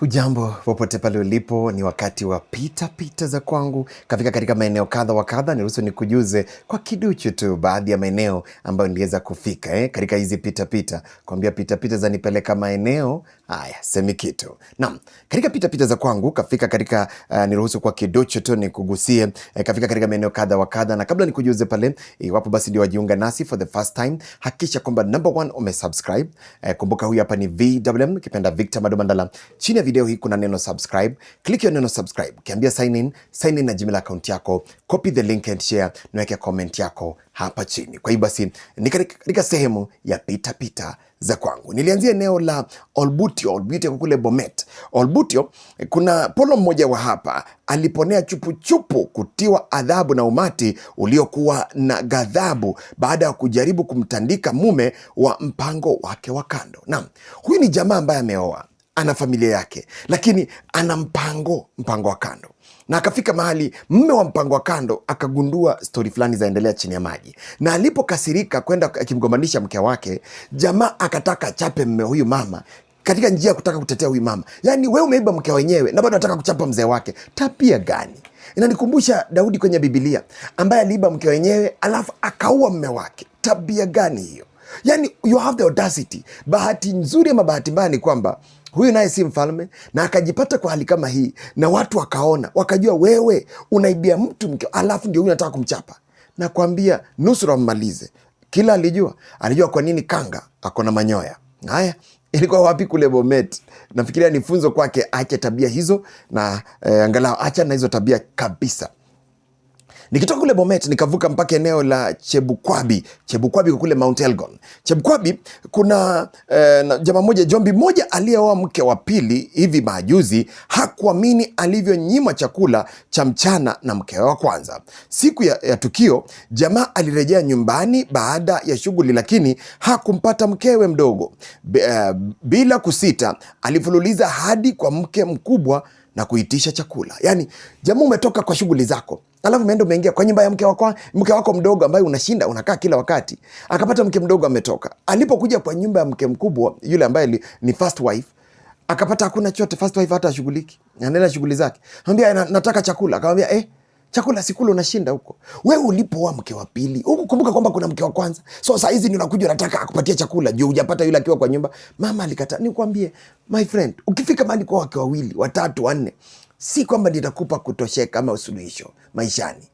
Hujambo popote pale ulipo, ni wakati wa pita pita za kwangu. Kafika katika maeneo kadha wa kadha, niruhusu nikujuze kwa kiduchu tu baadhi ya maeneo ambayo niliweza kufika eh, katika hizi pita pita. Kwambia pita pita za nipeleka maeneo haya, semi kitu. Naam, katika pita pita za kwangu kafika katika uh, niruhusu kwa kiduchu tu nikugusie eh, kafika katika maeneo kadha wa kadha, na kabla nikujuze pale, iwapo basi ndio wajiunga nasi for the first time, hakikisha kwamba number one umesubscribe eh, kumbuka huyu hapa ni VMM kipenda Victor Madomandala chini video hii kuna neno subscribe. Click hiyo neno subscribe. Kiambia sign in, sign in na Gmail account yako, copy the link and share na weke comment yako hapa chini. Kwa hiyo basi ni katika sehemu ya pita pita za kwangu. Nilianzia eneo la Olbutio, Olbutio kule Bomet. Olbutio kuna polo mmoja wa hapa aliponea chupu chupu kutiwa adhabu na umati uliokuwa na ghadhabu baada ya kujaribu kumtandika mume wa mpango wake wa kando. Naam, huyu ni jamaa ambaye ameoa ana familia yake, lakini ana mpango mpango wa kando na akafika mahali mme wa mpango wa kando akagundua stori fulani zaendelea chini ya maji, na alipokasirika kwenda akimgombanisha mke wake, jamaa akataka achape mme huyu mama katika njia ya kutaka kutetea huyu mama. Yani, wewe umeiba mke wenyewe na bado nataka kuchapa mzee wake, tapia gani? Inanikumbusha Daudi kwenye Bibilia ambaye aliiba mke wenyewe alafu akaua mme wake. Tabia gani hiyo? Yani, you have the audacity. Bahati nzuri ama bahati mbaya ni kwamba huyu naye si mfalme, na akajipata kwa hali kama hii, na watu wakaona, wakajua wewe unaibia mtu mke, alafu ndio huyu nataka kumchapa. Nakwambia nusura mmalize. Kila alijua, alijua kwa nini kanga ako na manyoya haya ilikuwa wapi? Kule Bomet. Nafikiria ni funzo kwake, ache tabia hizo na eh, angalau acha na hizo tabia kabisa. Nikitoka kule Bomet nikavuka mpaka eneo la Chebukwabi, Chebukwabi kule Mount Elgon. Chebukwabi kuna eh, jamaa moja jombi moja aliyeoa mke wa pili hivi majuzi, hakuamini alivyonyima chakula cha mchana na mke wa kwanza. Siku ya, ya tukio jamaa alirejea nyumbani baada ya shughuli, lakini hakumpata mkewe mdogo. Eh, bila kusita alifululiza hadi kwa mke mkubwa na kuitisha chakula. Yaani jamaa, umetoka kwa shughuli zako alafu umeenda umeingia kwa nyumba ya mke wako, mke wako mdogo ambaye unashinda unakaa kila wakati. Akapata mke mdogo ametoka, alipokuja kwa nyumba ya mke mkubwa yule ambaye ni first wife akapata hakuna chote. First wife hata ashughuliki, anaenda shughuli zake. Anambia nataka chakula, akamwambia eh, chakula sikula, unashinda huko. We ulipoa mke wa pili huku, kumbuka kwamba kuna mke wa kwanza, so saa hizi ni unakuja unataka akupatia chakula juu hujapata yule akiwa kwa nyumba. Mama alikataa. Nikwambie my friend, ukifika mahali kwa wake wawili watatu wanne si kwamba nitakupa kutosheka ama usuluhisho maishani.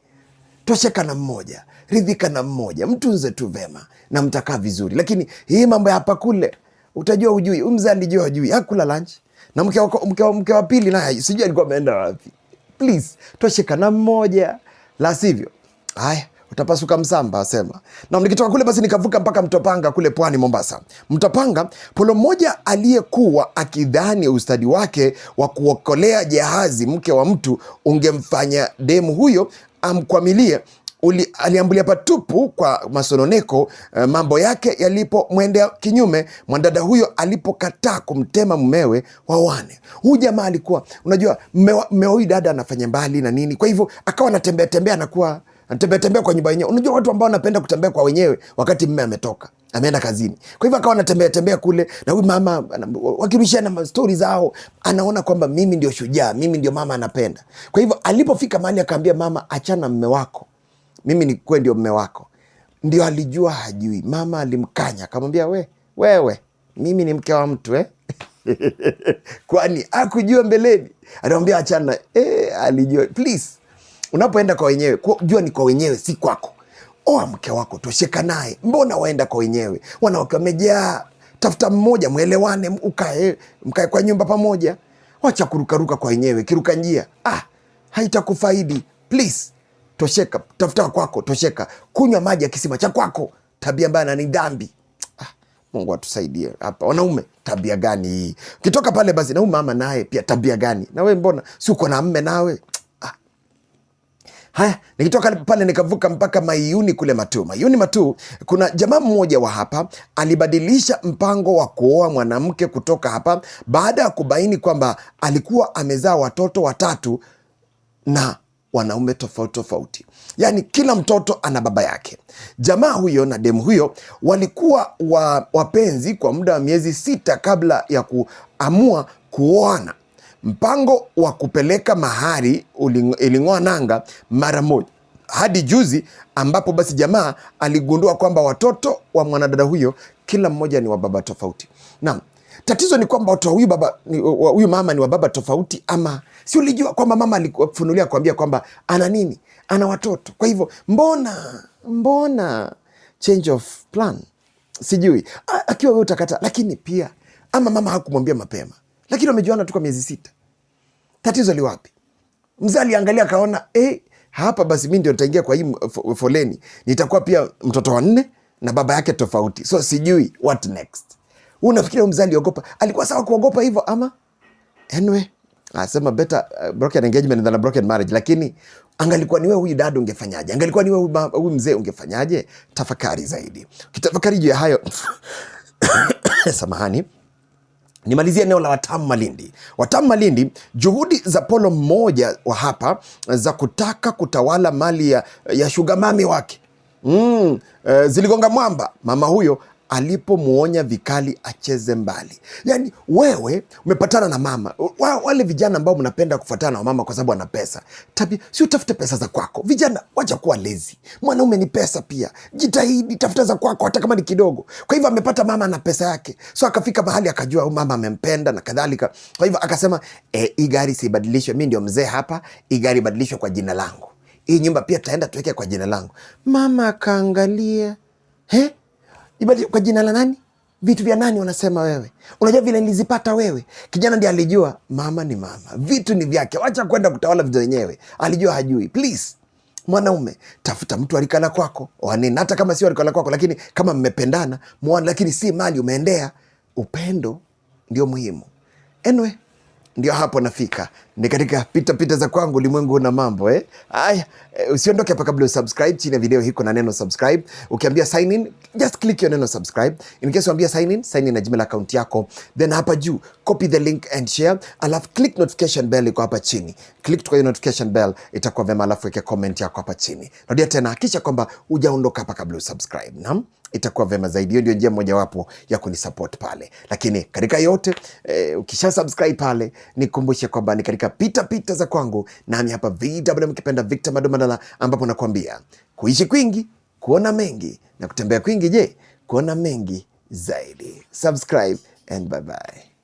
Tosheka na mmoja, ridhika na mmoja, mtunze tu vema na mtakaa vizuri. Lakini hii mambo ya hapa kule, utajua ujui, umzaa alijua ajui hakula lunch na mke wa, mke wa, mke wa pili naye sijui alikuwa ameenda wapi. Please tosheka na mmoja, la sivyo haya utapasuka msamba, asema na nikitoka kule basi nikavuka mpaka Mtapanga kule pwani Mombasa. Mtapanga, polo mmoja aliyekuwa akidhani ustadi wake wa kuokolea jahazi mke wa mtu ungemfanya demu huyo amkwamilie Uli, aliambulia patupu kwa masononeko uh, mambo yake yalipomwendea kinyume. mwandada huyo alipokataa kumtema mumewe wawane. huu jamaa alikuwa unajua, mmewa huyu dada anafanya mbali na nini, kwa hivyo akawa anatembea tembea anakuwa anatembea tembea kwa nyumba yenyewe. Unajua watu ambao wanapenda kutembea kwa wenyewe wakati mme ametoka ameenda kazini, kwa hivyo akawa anatembea tembea kule na huyu mama, wakirushiana ma stori zao, anaona kwamba mimi ndio shujaa, mimi ndio mama anapenda. Kwa hivyo alipofika mahali akaambia mama, achana mme wako, mimi nikuwe ndio mme wako, ndio alijua hajui. Mama alimkanya akamwambia, we wewe, mimi ni mke wa mtu eh? kwani akujua mbeleni? Anamwambia achana. Eh, alijua please unapoenda kwa wenyewe, jua ni kwa wenyewe, si kwako. Oa mke wako, tosheka naye. Mbona waenda kwa wenyewe? Wanawake wamejaa, tafuta mmoja, mwelewane, ukae mkae kwa nyumba pamoja. Wacha kurukaruka kwa wenyewe, kiruka njia, ah, haitakufaidi. Please tosheka, tafuta kwako, tosheka. Kunywa maji ya kisima cha kwako. Tabia mbaya ni dhambi. Ah, Mungu atusaidie hapa. Wanaume, tabia gani hii? Ukitoka pale basi, na huyu mama naye pia tabia gani? Na we mbona si uko na mme nawe? Haya, nikitoka pale nikavuka mpaka Maiuni kule Matuu. Mayuni Matuu, kuna jamaa mmoja wa hapa alibadilisha mpango wa kuoa mwanamke kutoka hapa baada ya kubaini kwamba alikuwa amezaa watoto watatu na wanaume tofauti tofauti, yaani kila mtoto ana baba yake. Jamaa huyo na demu huyo walikuwa wa, wapenzi kwa muda wa miezi sita kabla ya kuamua kuoana. Mpango wa kupeleka mahari iling'oa nanga mara moja hadi juzi, ambapo basi jamaa aligundua kwamba watoto wa mwanadada huyo kila mmoja ni wa baba tofauti. Naam, tatizo ni kwamba watoto huyu baba huyu mama ni wa baba tofauti, ama si ulijua kwamba mama alifunulia kuambia kwamba ana nini, ana watoto. Kwa hivyo mbona mbona change of plan, sijui akiwa wewe utakata, lakini pia ama mama hakumwambia mapema, lakini wamejuana tu kwa miezi sita. Tatizo li wapi? Mzee aliangalia akaona, eh, hapa basi mi ndio nitaingia kwa hii foleni, nitakuwa pia mtoto wa nne na baba yake tofauti, so sijui what next. Unafikiria mzee aliogopa? Alikuwa sawa kuogopa hivyo ama? Anyway, asema better uh, broken engagement than a broken marriage. Lakini angalikuwa ni wewe huyu dada ungefanyaje? Angalikuwa ni wewe huyu mzee ungefanyaje? Tafakari zaidi, kitafakari juu ya hayo samahani. Nimalizia eneo la Watamu Malindi. Watamu Malindi, juhudi za Polo mmoja wa hapa eh, za kutaka kutawala mali ya, ya shugamami wake mm, e, ziligonga mwamba. Mama huyo alipomwonya vikali acheze mbali. Yani wewe umepatana na mama wa, wale vijana ambao mnapenda kufuatana na mama kwa sababu ana pesa tabi, si utafute pesa za kwako. Vijana wacha kuwa lezi, mwanaume ni pesa pia, jitahidi tafuta za kwako hata kama ni kidogo. Kwa hivyo amepata mama na pesa yake, so akafika mahali akajua huyu mama amempenda na kadhalika. Kwa hivyo akasema e, hii gari siibadilishwe, mi ndio mzee hapa, hii gari ibadilishwe kwa jina langu, hii nyumba pia taenda tuweke kwa jina langu. Mama akaangalia eh? ibadilishwe kwa jina la nani? Vitu vya nani unasema wewe? Unajua vile nilizipata wewe. Kijana ndiye alijua mama ni mama, vitu ni vyake, wacha kwenda kutawala vitu wenyewe. Alijua hajui. Please mwanaume, tafuta mtu alikana kwako, wanene, hata kama sio alikana kwako, lakini kama mmependana muone, lakini si mali umeendea. Upendo ndio muhimu. Anyway, ndio hapo nafika ni katika pita pita za kwangu ulimwengu na mambo eh? Aya, eh, usiondoke hapa kabla usubscribe. Chini ya video hii kuna neno subscribe. Ukiambia sign in, just click hiyo neno subscribe. In case uambia sign in, sign in na Gmail account yako, then hapa juu copy the link and share, alafu click notification bell iko hapa chini. Click tu kwa notification bell, itakuwa vema, alafu weke comment yako hapa chini. Rudia tena, hakisha kwamba hujaondoka hapa kabla usubscribe. Naam, itakuwa vema zaidi. Hiyo ndio njia mojawapo ya kunisupport pale, lakini katika yote eh, ukisha subscribe pale nikumbushe kwamba ni katika katika pitapita za kwangu, nami hapa VMM kipenda Victor madomadala ambapo nakuambia kuishi kwingi kuona mengi na kutembea kwingi, je, kuona mengi zaidi. Subscribe and bye bye.